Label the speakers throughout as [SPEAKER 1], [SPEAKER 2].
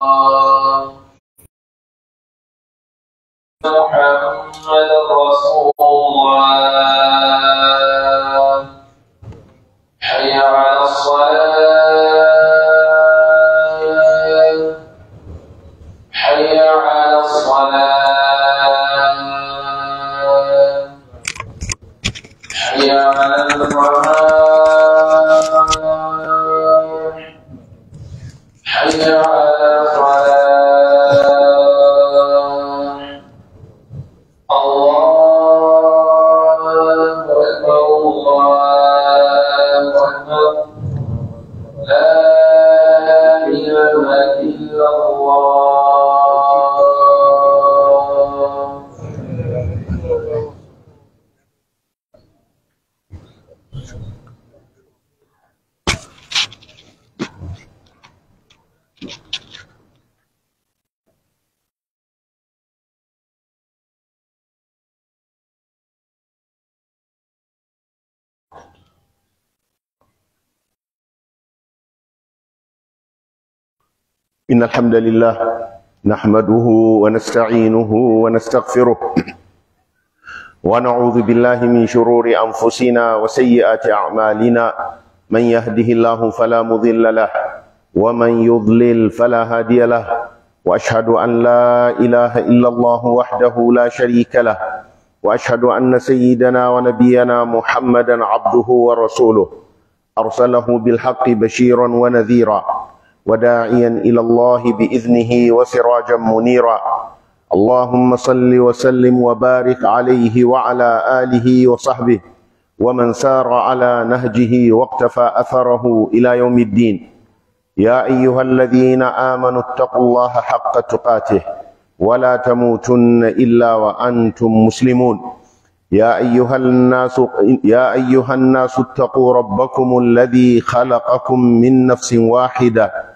[SPEAKER 1] uh, إن الحمد لله نحمده ونستعينه ونستغفره ونعوذ بالله من شرور أنفسنا وسيئات أعمالنا من يهده الله فلا مضل له ومن يضلل فلا هادي له وأشهد أن لا إله إلا الله وحده لا شريك له وأشهد أن سيدنا ونبينا محمدا عبده ورسوله أرسله بالحق بشيرا ونذيرا وداعيا إلى الله بإذنه وسراجا منيرا اللهم صل وسلم وبارك عليه وعلى آله وصحبه ومن سار على نهجه واقتفى أثره إلى يوم الدين يا أيها الذين آمنوا اتقوا الله حق تقاته ولا تموتن إلا وأنتم مسلمون يا أيها الناس يا أيها الناس اتقوا ربكم الذي خلقكم من نفس واحدة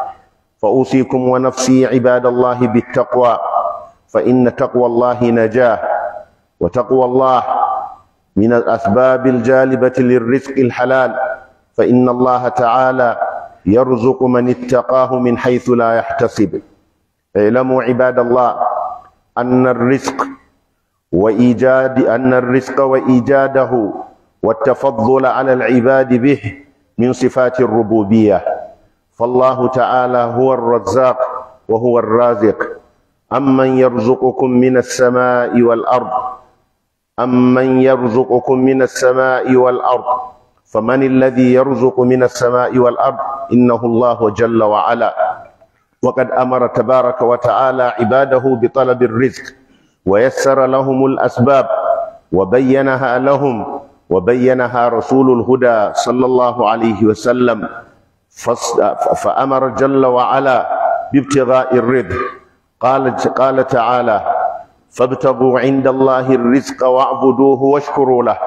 [SPEAKER 1] فأوصيكم ونفسي عباد الله بالتقوى فإن تقوى الله نجاة وتقوى الله من الأسباب الجالبة للرزق الحلال فإن الله تعالى يرزق من اتقاه من حيث لا يحتسب اعلموا عباد الله أن الرزق وإيجاد أن الرزق وإيجاده والتفضل على العباد به من صفات الربوبيه فالله تعالى هو الرزاق وهو الرازق أمن يرزقكم من السماء والأرض أمن يرزقكم من السماء والأرض فمن الذي يرزق من السماء والأرض إنه الله جل وعلا وقد أمر تبارك وتعالى عباده بطلب الرزق ويسر لهم الأسباب وبينها لهم وبينها رسول الهدى صلى الله عليه وسلم فأمر جل وعلا بابتغاء الرزق قال قال تعالى فابتغوا عند الله الرزق واعبدوه واشكروا له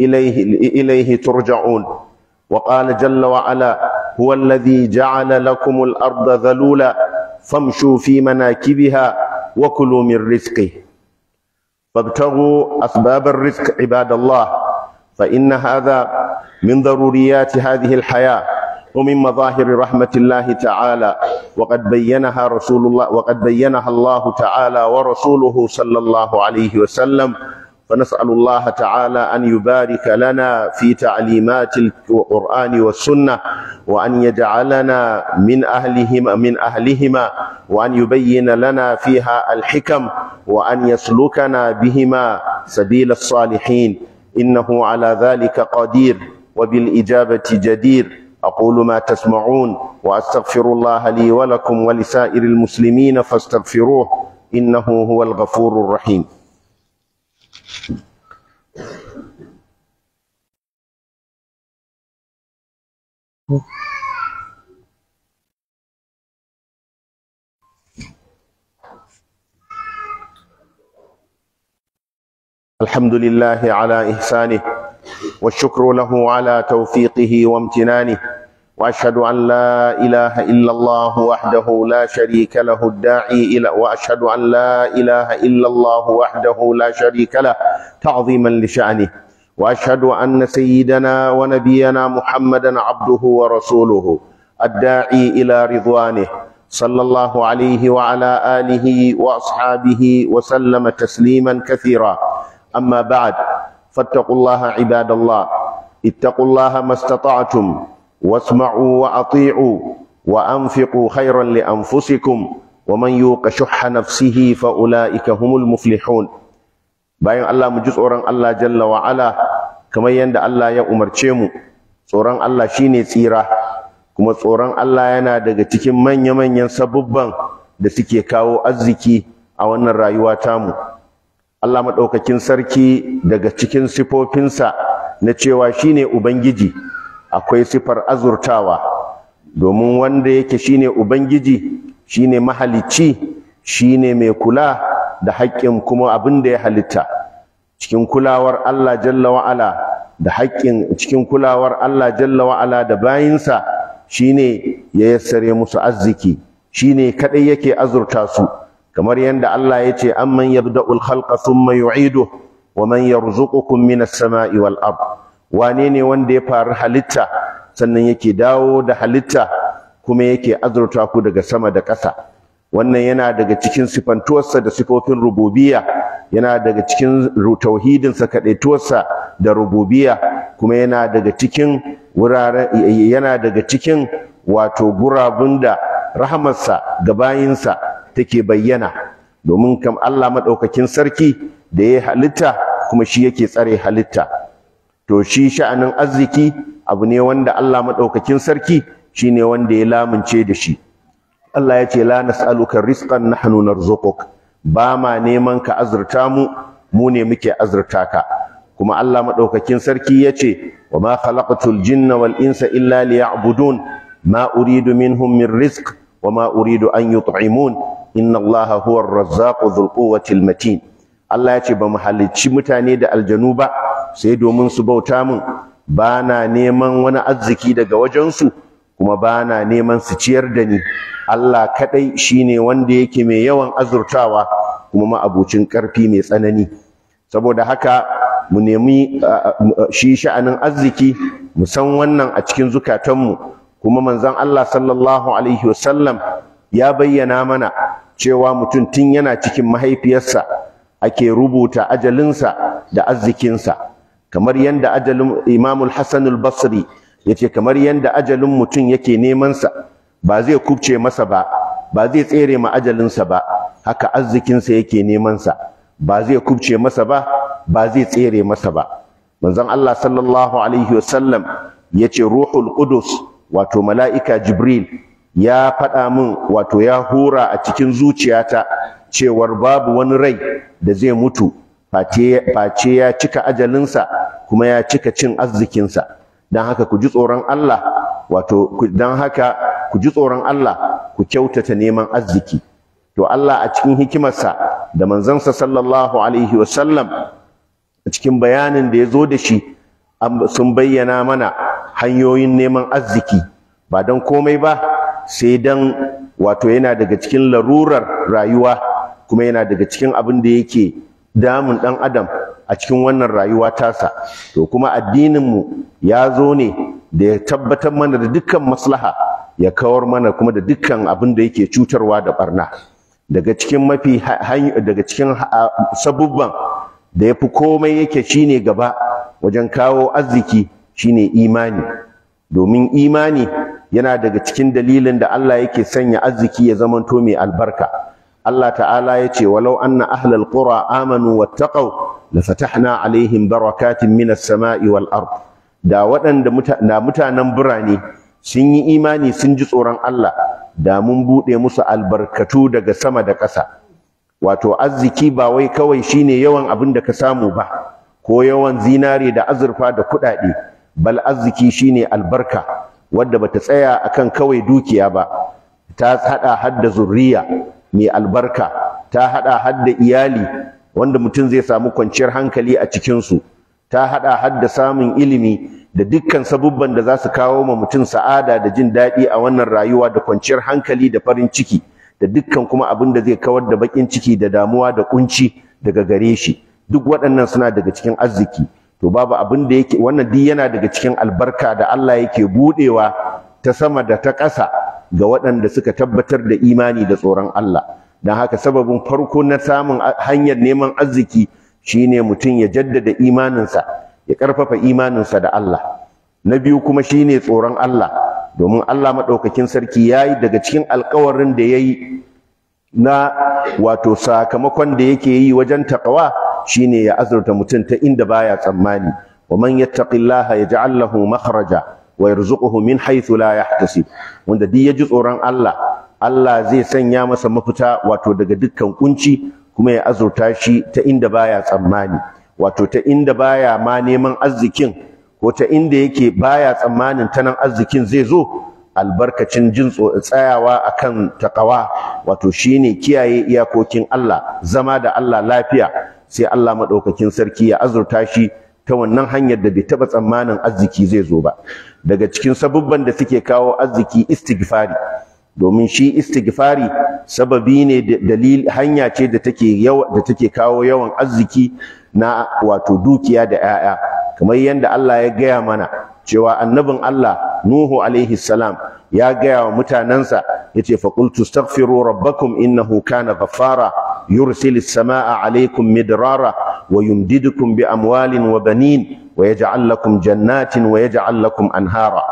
[SPEAKER 1] إليه إليه ترجعون وقال جل وعلا هو الذي جعل لكم الأرض ذلولا فامشوا في مناكبها وكلوا من رزقه فابتغوا أسباب الرزق عباد الله فإن هذا من ضروريات هذه الحياة ومن مظاهر رحمة الله تعالى وقد بينها رسول الله وقد بينها الله تعالى ورسوله صلى الله عليه وسلم فنسأل الله تعالى أن يبارك لنا في تعليمات القرآن والسنة وأن يجعلنا من أهلهما من أهلهما وأن يبين لنا فيها الحكم وأن يسلكنا بهما سبيل الصالحين إنه على ذلك قدير وبالإجابة جدير أقول ما تسمعون وأستغفر الله لي ولكم ولسائر المسلمين فاستغفروه إنه هو الغفور الرحيم الحمد لله على إحسانه والشكر له على توفيقه وامتنانه واشهد ان لا اله الا الله وحده لا شريك له الداعي الى واشهد ان لا اله الا الله وحده لا شريك له تعظيما لشانه واشهد ان سيدنا ونبينا محمدا عبده ورسوله الداعي الى رضوانه صلى الله عليه وعلى اله واصحابه وسلم تسليما كثيرا اما بعد فاتقوا Ibadallah, عباد الله اتقوا الله ما استطعتم واسمعوا وأطيعوا وأنفقوا خيرا لأنفسكم ومن يوق شح نفسه فأولئك bayan Allah mu ji tsoron Allah jalla wa ala kamar yadda Allah ya umarce mu tsoron Allah shine tsira kuma tsoron Allah yana daga cikin manya-manyan sabubban da suke kawo arziki a wannan rayuwa tamu Allah maɗaukakin sarki daga cikin sifofinsa na cewa shine ubangiji akwai sifar azurtawa domin wanda yake shine ubangiji shine mahalicci shine mai kula da haƙƙin kuma abin da ya halitta cikin kulawar Allah jalla wa'ala da haƙƙin cikin kulawar Allah jalla wa'ala da bayinsa shine ya yassare musu arziki shine kaɗai yake azurta su kamar yadda Allah ya ce amman yabda'ul khalqa thumma yu'idu wa man yarzuqukum minas sama'i wal ard wane ne wanda ya faru halitta sannan yake dawo da halitta kuma yake azurta ku daga sama da ƙasa wannan yana daga cikin sifantuwarsa da sifofin rububiya. yana daga cikin tauhidinsa kaɗaituwarsa da rububiyya kuma yana daga cikin yana daga cikin wato gurabun da rahamarsa ga bayinsa take bayyana domin kam Allah Maɗaukakin sarki da ya halitta kuma shi yake tsare halitta to shi sha'anin arziki abu ne wanda Allah Maɗaukakin sarki shine wanda ya lamunce da shi Allah ya ce la nas'aluka rizqan nahnu narzuquk ba ma neman ka azurta mu mu ne muke azurta ka kuma Allah Maɗaukakin sarki ya ce, wa ma khalaqatul jinna wal insa illa liya'budun ma uridu minhum min rizq ma uridu an yut'imun inna allaha huwa razzaqu dhul quwwati matin Allah ya ce ba mu halicci mutane da aljanu ba sai domin su bauta mun ba na neman wani arziki daga wajensu kuma ba na neman su ciyar da ni Allah kadai shine wanda yake mai yawan azurtawa kuma ma'abucin karfi mai tsanani saboda haka mu nemi shi sha'anin arziki mu san wannan a cikin zukatanmu kuma manzon Allah sallallahu alaihi wasallam ya bayyana mana cewa mutum tun yana cikin mahaifiyarsa ake rubuta ajalinsa da arzikinsa kamar yadda ajalin imamul hassan al-basri yace kamar yadda ajalin mutum yake nemansa ba zai kubce masa ba ba zai tsere ma ajalinsa ba haka arzikinsa yake nemansa ba zai kubce masa ba ba zai tsere masa ba manzon Allah sallallahu alaihi wasallam ya ce ruhul qudus wato mala'ika jibril ya faɗa min wato ya hura a cikin zuciyata cewar babu wani rai da zai mutu face ya cika ajalinsa kuma ya cika cin arzikinsa don haka ku ji tsoron Allah wato don haka ku ji tsoron Allah ku kyautata neman arziki to Allah a cikin hikimarsa da manzansa sallallahu alaihi wasallam a cikin bayanin da ya zo da shi sun bayyana mana hanyoyin neman arziki ba don komai ba sai dan wato yana daga cikin larurar rayuwa kuma yana daga cikin abin da yake damun dan adam a cikin wannan rayuwa tasa to kuma addininmu ya zo ne da ya tabbatar mana da dukkan maslaha ya kawar mana kuma da dukkan abin da yake cutarwa da barna daga cikin mafi daga cikin sabubban da ya fi komai yake shine gaba wajen kawo arziki shine imani domin imani yana daga cikin dalilin da Allah yake sanya arziki ya zamanto mai albarka Allah ta'ala ya ce walau anna ahlal qura amanu la fatahna alaihim barakatin minas sama'i wal ard da waɗanda da mutanen birane sun yi imani sun ji tsoron Allah da mun bude musu albarkatu daga sama da ƙasa wato arziki ba wai kawai shine yawan abin da ka samu ba ko yawan zinare da azurfa da kuɗaɗe bal arziki shine albarka wadda bata tsaya akan kawai dukiya ba ta hada hadda zurriya mai albarka ta hada hadda iyali wanda mutum zai samu kwanciyar hankali a cikin su ta hada hadda samun ilimi da dukkan sabubban da za su kawo ma mutum sa'ada da jin daɗi a wannan rayuwa da kwanciyar hankali da farin ciki da dukkan kuma abin da zai kawar da bakin ciki da damuwa da kunci daga gare shi duk waɗannan suna daga cikin arziki to babu abin da yake wannan duk yana daga cikin albarka da Allah yake budewa ta sama da ta ƙasa ga waɗanda suka tabbatar da imani da tsoron Allah dan haka sababin farko na samun hanyar neman arziki shine mutum ya jaddada imaninsa ya ƙarfafa imaninsa da Allah na biyu kuma shine tsoron Allah domin Allah madaukakin sarki yayi daga cikin alƙawarin da yayi na wato sakamakon da yake yi wajen taƙawa shine ya azurta mutum ta inda baya tsammani wa man yattaqillaha yaj'al lahu makhraja wa yarzuquhu min haythu la yahtasib wanda duk ya ji tsoron Allah Allah zai sanya masa mafita wato daga dukkan kunci kuma ya azurta shi ta inda baya tsammani wato ta inda baya ma neman arzikin ko ta inda yake baya tsammanin ta nan arzikin zai zo albarkacin jin tsayawa akan ƙawa, wato shine kiyaye iyakokin Allah zama da Allah lafiya sai Allah madaukakin sarki ya azurta shi ta wannan hanyar da bai taba tsammanin arziki zai zo ba daga cikin sabubban da suke kawo arziki istighfari domin shi istighfari sababi ne dalil hanya ce da take yawa da take kawo yawan arziki na wato dukiya da 'ya'ya kamar yadda Allah ya gaya mana cewa annabin Allah Nuhu alaihi salam ya gaya wa mutanansa yace faqultu astaghfiru rabbakum innahu kana ghaffara يرسل السماء عليكم مدرارا ويمددكم بأموال وبنين ويجعل لكم جنات ويجعل لكم أنهارا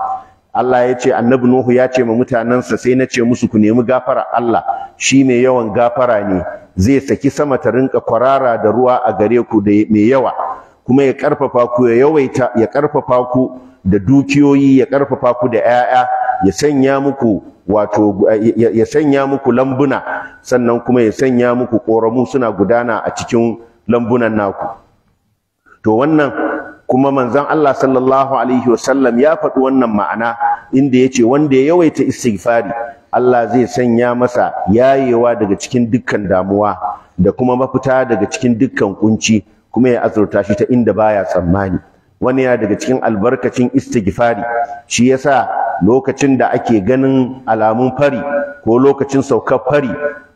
[SPEAKER 1] Allah ya ce annabi Nuhu ya ce ma mutanensa sai na ce musu ku nemi gafara Allah shi mai yawan gafara ne zai saki sama ta rinka kwarara da ruwa a gare ku da mai yawa kuma ya ƙarfafa ku ya yawaita ya karfafa ku da dukiyoyi ya karfafa ku da 'ya'ya ya sanya muku wato ya sanya muku lambuna sannan kuma ya sanya muku ƙoramu suna gudana a cikin lambunan naku to wannan kuma manzon Allah sallallahu alaihi wasallam ya faɗi wannan ma'ana inda yace wanda ya yawaita istighfari Allah zai sanya masa yayewa daga cikin dukkan damuwa da kuma mafita daga cikin dukkan kunci kuma ya azurta shi ta inda baya tsammani wani ya daga cikin albarkacin istighfari shi yasa lokacin da ake ganin alamun fari ko lokacin saukar fari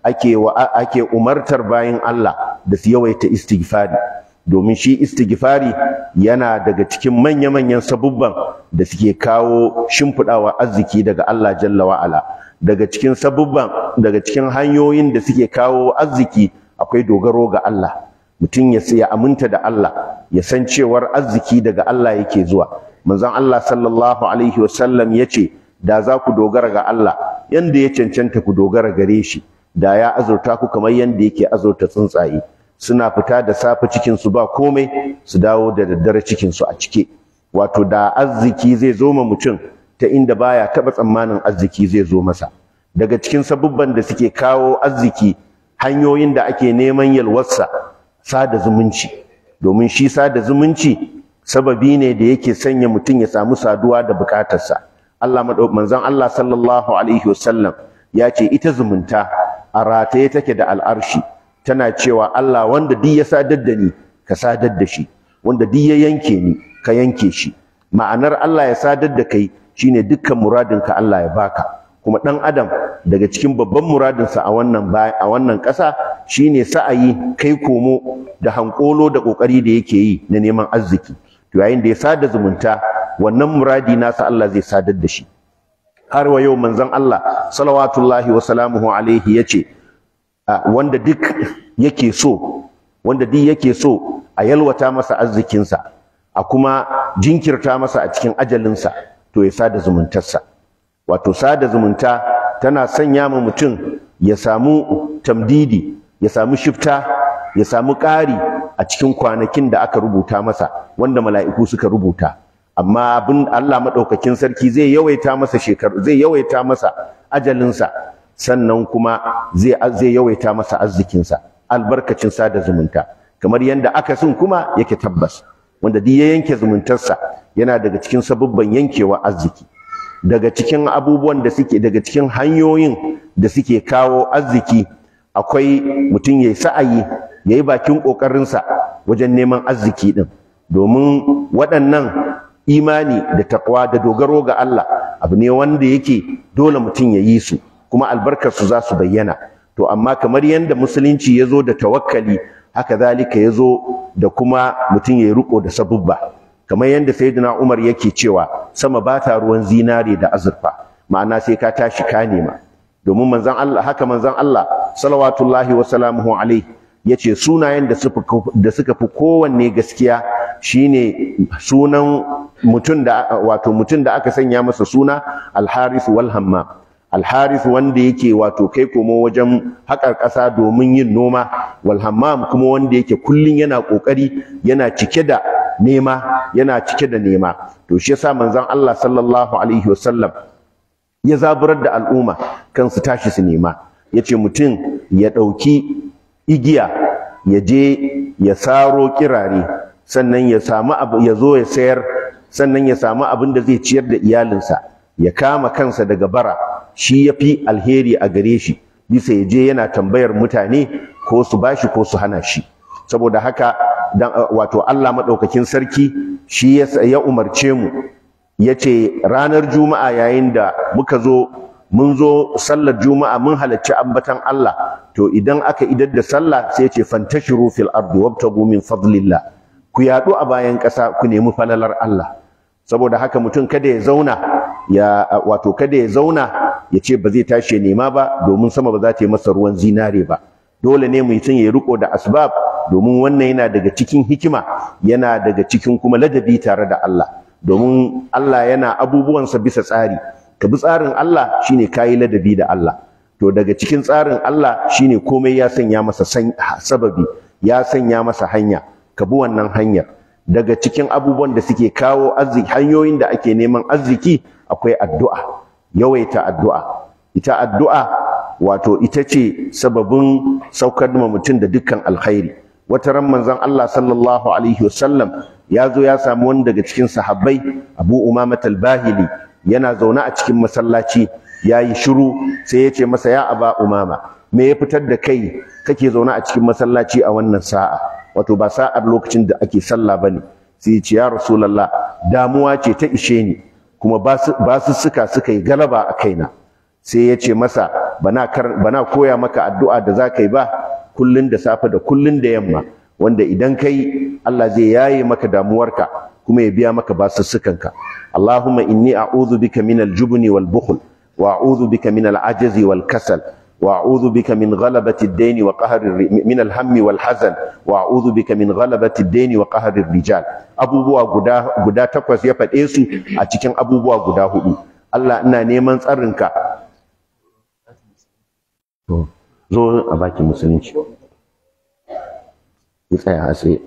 [SPEAKER 1] ake wa ake umartar bayin Allah da su yawaita istighfari domin shi istighfari yana daga cikin manya-manyan sabubban da suke kawo shimfiɗawa arziki daga Allah jalla wa'ala daga cikin sabubban daga cikin hanyoyin da suke kawo arziki akwai dogaro ga Allah mutum ya ya aminta da Allah ya san cewar arziki daga Allah yake zuwa manzon Allah sallallahu alaihi wasallam yace da za ku dogara ga Allah yanda ya cancanta ku dogara gare shi da ya azurta ku kamar yanda yake azurta tsuntsaye suna fita da safe cikin su ba komai su dawo da daddare cikin su a cike wato da arziki zai zo ma mutum ta inda baya taba tsammanin arziki zai zo masa daga cikin sabubban da suke kawo arziki hanyoyin da ake neman yalwarsa sada zumunci domin shi sada zumunci sababi ne da yake sanya mutum ya samu saduwa da bukatarsa Allah manzon Allah sallallahu alaihi wasallam ya ce ita zumunta a rataye take da al'arshi tana cewa Allah wanda duk ya sadar da ni ka sadar da shi wanda duk ya yanke ni ka yanke shi ma'anar Allah ya sadar da kai shine dukkan muradinka Allah ya baka kuma ɗan adam daga cikin babban muradinsa a wannan a wannan ƙasa shine sa'ayi kai komo da hankolo da ƙoƙari da yake yi na neman arziki to yayin da ya sada zumunta wannan muradi nasa Allah zai sadar da shi har wa yau manzon Allah salawatullahi wa salamuhu alaihi yace wanda duk yake so wanda duk yake so a yalwata masa arzikinsa a kuma jinkirta masa a cikin ajalinsa to ya sada zumuntarsa wato sada zumunta tana sanya ma mutum ya samu tamdidi ya samu shifta ya samu ƙari a cikin kwanakin da aka rubuta masa wanda mala'iku suka rubuta amma abin Allah madaukakin sarki zai yawaita masa shekaru zai yawaita masa ajalinsa sannan kuma zai zai yawaita masa arzikinsa albarkacin sada zumunta kamar yanda aka sun kuma yake tabbas wanda duk ya yanke zumuntarsa yana daga cikin sabubban yankewa arziki daga cikin abubuwan da suke daga cikin hanyoyin da suke kawo arziki akwai mutum ya yi sa'ayi ya yi bakin ƙoƙarinsa wajen neman arziki ɗin domin waɗannan imani da taƙwa da dogaro ga Allah abu ne wanda yake dole mutum ya yi su kuma albarkarsu za su bayyana to amma kamar yadda musulunci ya zo da tawakkali haka zalika ya zo da kuma mutum ya yi riƙo da sabubba kamar yadda sayyidina Umar yake cewa sama ba ta ruwan zinare da azurfa ma'ana sai ka tashi ka nema domin manzon Allah haka manzon Allah salawatullahi wa salamuhu alaihi yace sunayen da suka da suka fi kowanne gaskiya shine sunan mutum da wato mutum da aka sanya masa suna al-harith wal al-harith wanda yake wato kai komo wajen haƙar ƙasa domin yin noma wal hammam kuma wanda yake kullun yana ƙoƙari yana cike da nema yana cike da nema to shi yasa manzon Allah sallallahu alaihi wasallam ya zaburar da al'umma kan su tashi su nema yace mutum ya dauki igiya ya je ya saro kirare sannan ya samu abu ya zo ya sayar sannan ya samu abin da zai ciyar da iyalinsa ya kama kansa daga bara shi yafi alheri a gare shi bisa ya je yana tambayar mutane ko su bashi ko su hana shi saboda haka dan uh, wato Allah madaukakin sarki shi ya umarce mu yace ranar juma'a yayin da muka zo mun zo sallar juma'a mun halacci ambatan Allah to idan aka idar da sallah sai ce fantashiru fil ardi wabtagu min fadlillah ku yaɗu a bayan ƙasa ku nemi falalar Allah saboda haka mutum kada ya zauna ya uh, wato kada ya zauna ya ce ba zai tashi nema ba domin sama ba za ta yi masa ruwan zinare ba dole ne mutum ya riko da asbab domin wannan yana daga cikin hikima yana daga cikin kuma ladabi tare da Allah domin Allah yana abubuwansa bisa tsari ka bi tsarin Allah shine kayi ladabi da Allah to daga cikin tsarin Allah shine komai ya sanya masa sababi ya sanya masa hanya ka bi wannan hanyar daga cikin abubuwan da suke kawo arziki hanyoyin da ake neman arziki akwai addu'a yawaita addu'a ita addu'a wato ita ce sababin saukar da mutum da dukkan alkhairi wata ran manzon Allah sallallahu alaihi wasallam ya zo ya samu wani daga cikin sahabbai Abu Umama al-Bahili yana zaune a cikin masallaci yayi shiru sai ya ce masa ya Aba Umama me ya fitar da kai kake zaune a cikin masallaci a wannan sa'a wato ba sa'ar lokacin da ake sallah bane sai ya ce ya Rasulullah damuwa ce ta ishe ni kuma ba su suka suka yi galaba a kaina sai ya ce masa bana koya maka addu'a da za ka yi ba kullun da safe da kullun da yamma wanda idan kai Allah zai yaye maka damuwarka kuma ya biya maka basussukanka Allahuma inni a'udhu bika min al-jubni wal bukhl wa a'udhu wal kasal wa a'udhu bika min hammi wal hazan wa a'udhu rijal abubuwa guda takwas ya fade su a cikin abubuwa guda hudu Allah ina neman tsarinka zo a baki musulunci ki tsaya a tsaye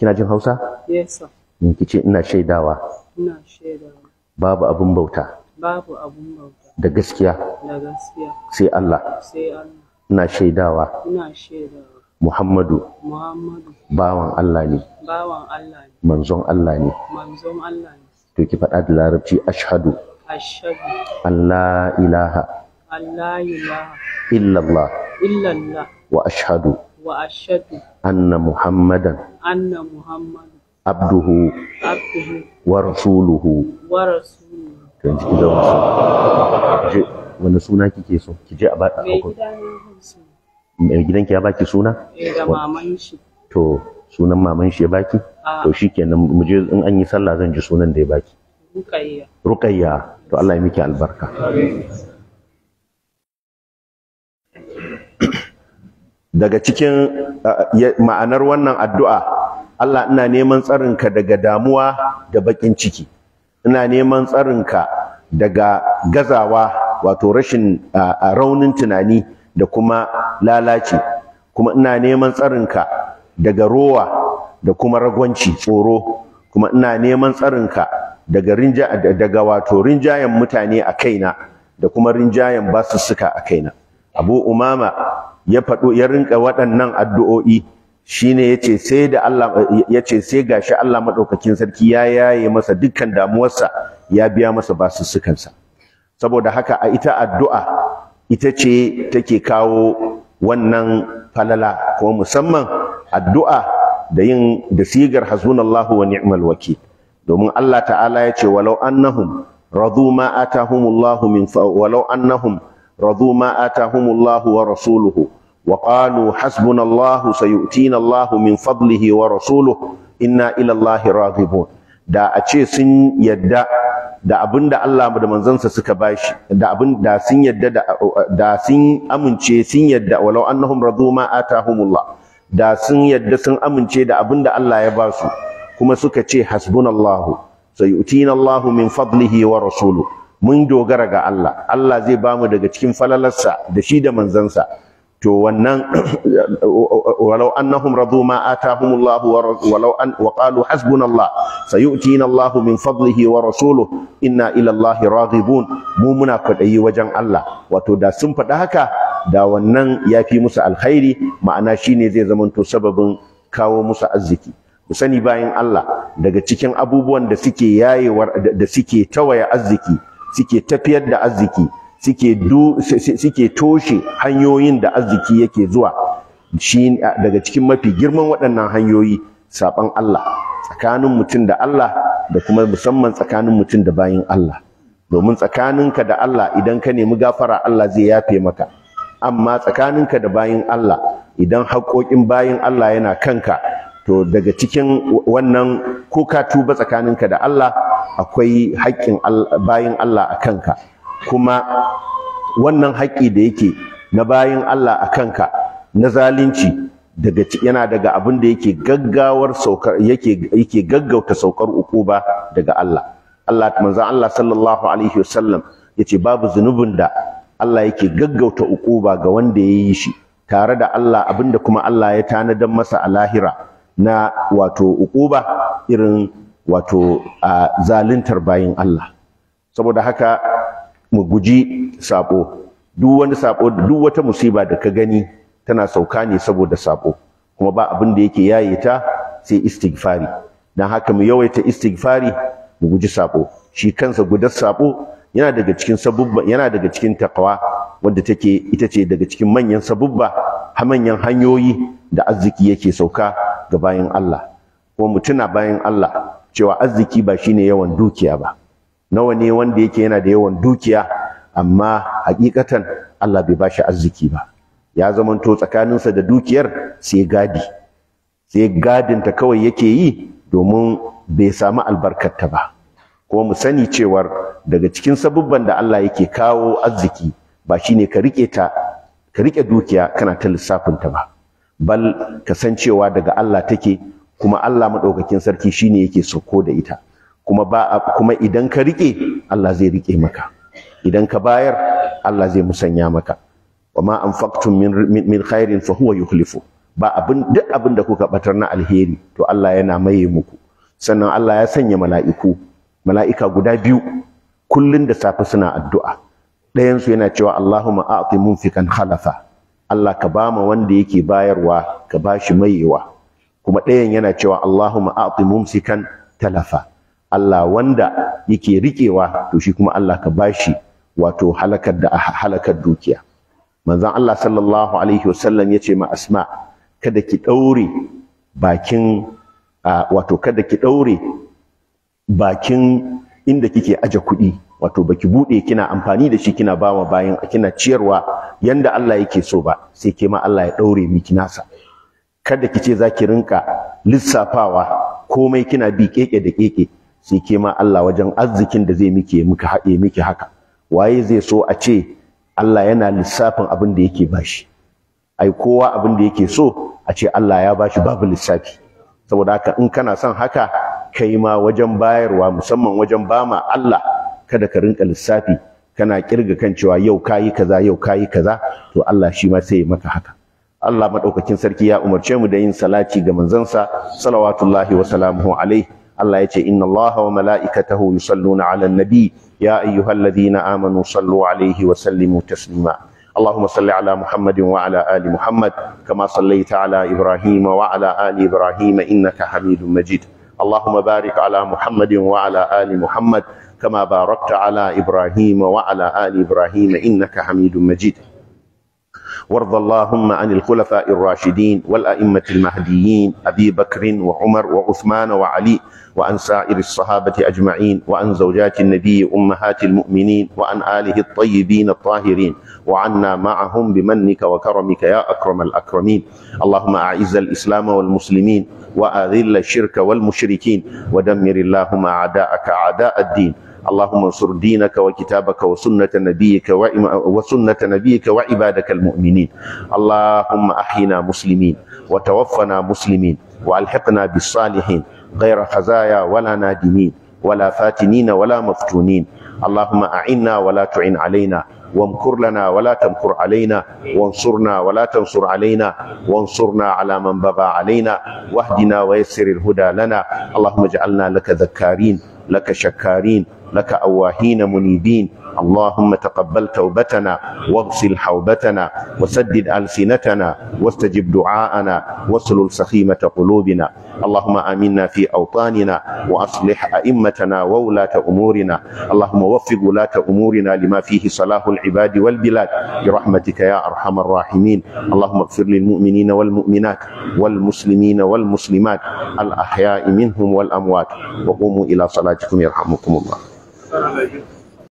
[SPEAKER 1] kina jin hausa yes sir mm, ki ce ina shaidawa ina shaidawa babu abun bauta babu abun bauta da gaskiya da gaskiya sai Allah sai Allah ina shaidawa ina shaidawa Muhammadu Muhammadu bawan Allah ne bawan Allah ne manzon Allah ne manzon Allah ne to ki faɗa da larabci ashhadu ashhadu an la ilaha illallah wa ashadu. anna muhammadan abduhu wa rasuluhu wani suna kike so ki je a ba mai gidanki ya baki suna ga maman shi to sunan maman shi ya baki to shikenan mu je in an yi sallah zan ji sunan da ya baki ruqayya ruqayya to Allah ya miki albarka daga cikin ma'anar wannan addu'a Allah ina neman tsarinka daga damuwa da bakin ciki ina neman tsarinka daga gazawa wato rashin raunin tunani da kuma lalaci kuma ina neman tsarinka daga rowa da kuma ragwanci tsoro kuma ina neman tsarinka daga wato rinjayen mutane a kaina da kuma rinjayen basussuka a kaina Abu Umama ya faɗo ya rinka waɗannan addu'o'i ya ce sai da Allah ce sai shi Allah maɗaukakin sarki ya yaye masa dukkan damuwarsa ya biya masa basussukansa saboda haka a ita addu'a ita ce take kawo wannan falala ko musamman addu'a da yin da sigar hasbunallahu wa ni'mal wakil domin Allah ta'ala ya ce walau annahum radu ma atahumullahu min walau annahum رضوا ما آتاهم الله ورسوله وقالوا حسبنا الله سيؤتينا الله من فضله ورسوله إنا إلى الله راغبون da sun yadda da abin Allah da suka bashi da sun yadda da sun amince da sun Allah ya basu, kuma suka ce hasbunallahu sayu'tina Allahu min fadlihi wa rasuluhu mun dogara ga Allah Allah zai bamu daga cikin falalarsa da shi da manzansa to wannan walau annahum radu ma atahumullahu walau an wa qalu hasbunallah sayu'tina Allahu min fadlihi wa rasuluhu inna ila Allahi raghibun mu muna kwadayi wajen Allah wato da sun faɗa haka da wannan yafi musu alkhairi ma'ana shine zai zamanto sababin kawo musu arziki ku sani bayan Allah daga cikin abubuwan da suke yayewar da suke tawaye arziki suke tafiyar da arziki suke suke toshe hanyoyin da arziki yake zuwa shi daga cikin mafi girman waɗannan hanyoyi saɓan Allah tsakanin mutum da Allah da kuma musamman tsakanin mutum da bayin Allah domin tsakaninka da Allah idan ka nemi gafara Allah zai yafe maka amma tsakaninka da bayin Allah idan haƙoƙin bayin Allah yana kanka to daga cikin wannan ko ka tuba tsakaninka da Allah akwai haƙƙin bayan Allah a kanka kuma wannan haƙƙi da yake na bayan Allah a kanka na zalunci daga yana daga abin da yake gaggawar saukar yake yake gaggauta saukar ukuba daga Allah Allah manzon Allah sallallahu alaihi wasallam yace babu zunubin da Allah yake gaggauta ukuba ga wanda ya yi shi tare da Allah abinda kuma Allah ya tanadan masa a lahira na wato ukuba irin wato a zaluntar bayin Allah saboda haka mu guji saƙo. duk wani sabo duk wata musiba da ka gani tana sauka ne saboda sabo kuma ba abin da yake yaye ta sai istighfari dan haka mu yawaita istighfari mu guji sabo shi kansa gudar sabo yana daga cikin sabubba yana daga cikin taqwa wadda take ita ce daga cikin manyan sabubba ha manyan hanyoyi da arziki yake sauka ga bayan Allah kuma mutuna bayan Allah cewa arziki ba shine yawan dukiya ba nawa ne wanda yake yana da yawan dukiya amma hakikatan Allah bai bashi arziki ba ya zamanto tsakaninsa da dukiyar sai gadi sai gadinta kawai yake yi domin bai samu albarkarta ba kuma mu sani cewar daga cikin sabubban da Allah yake kawo arziki ba shine ka rike ta ka rike dukiya kana ta lissafin ta ba bal kasancewa daga Allah take kuma Allah maɗaukakin sarki shine yake sauko da ita kuma ba kuma idan ka rike Allah zai rike maka idan ka bayar Allah zai musanya maka ma anfaqtum min min khairin fa huwa yukhlifu ba abin duk abin da kuka batar na alheri to Allah yana maye muku sannan Allah ya sanya mala'iku mala'ika guda biyu kullun da safe suna addu'a ɗayan su yana cewa Allahumma a'ti munfikan khalafa Allah ka ba bama wanda yake bayarwa ka bashi mayewa kuma ɗayan yana cewa Allahumma a'ti mumsikan talafa Allah wanda yake riƙewa to shi kuma Allah ka bashi wato halakar da halakar dukiya manzon Allah sallallahu alaihi wasallam yace ma Asma kada ki daure bakin wato kada ki daure bakin inda kike aje kuɗi wato baki bude kina amfani da shi kina bawa bayan kina ciyarwa yanda Allah yake so ba sai ke ma Allah ya daure miki nasa kada ki ce za ki rinka lissafawa komai kina bi keke da keke sai ke ma Allah wajen arzikin da zai miki muka haɗe miki haka waye zai so a ce Allah yana lissafin abin da yake bashi ai kowa abin da yake so a ce Allah ya bashi babu lissafi saboda haka in kana son haka kai ma wajen bayarwa musamman wajen bama Allah kada ka rinka lissafi kana kirga kan cewa yau kayi kaza yau kayi kaza to Allah shi ma sai ya maka haka Allah madaukakin sarki ya umarce mu da yin salati ga manzansa salawatullahi wa salamuhu alaihi Allah ya ce inna Allah wa mala'ikatahu yusalluna 'alan nabi ya ayyuhalladhina amanu sallu 'alaihi wa sallimu taslima اللهم صل على محمد وعلى آل محمد كما صليت على إبراهيم وعلى آل إبراهيم إنك حميد مجيد اللهم بارك على محمد وعلى آل محمد كما باركت على إبراهيم وعلى آل إبراهيم إنك حميد مجيد وارض اللهم عن الخلفاء الراشدين والأئمة المهديين أبي بكر وعمر وعثمان وعلي وعن سائر الصحابة أجمعين وعن زوجات النبي أمهات المؤمنين وعن آله الطيبين الطاهرين وعنا معهم بمنك وكرمك يا أكرم الأكرمين اللهم أعز الإسلام والمسلمين وأذل الشرك والمشركين ودمر اللهم أعداءك أعداء الدين اللهم انصر دينك وكتابك وسنة نبيك وسنة نبيك وعبادك المؤمنين اللهم أحينا مسلمين وتوفنا مسلمين وألحقنا بالصالحين غير خزايا ولا نادمين ولا فاتنين ولا مفتونين اللهم أعنا ولا تعن علينا وامكر لنا ولا تمكر علينا وانصرنا ولا تنصر علينا وانصرنا على من بغى علينا واهدنا ويسر الهدى لنا اللهم اجعلنا لك ذكارين لك شكارين لك أواهين منيبين اللهم تقبل توبتنا واغسل حوبتنا وسدد ألسنتنا واستجب دعاءنا واسلل سخيمة قلوبنا اللهم آمنا في أوطاننا وأصلح أئمتنا وولاة أمورنا اللهم وفق ولاة أمورنا لما فيه صلاح العباد والبلاد برحمتك يا أرحم الراحمين اللهم اغفر للمؤمنين والمؤمنات والمسلمين والمسلمات الأحياء منهم والأموات وقوموا إلى صلاتكم يرحمكم الله Parabéns.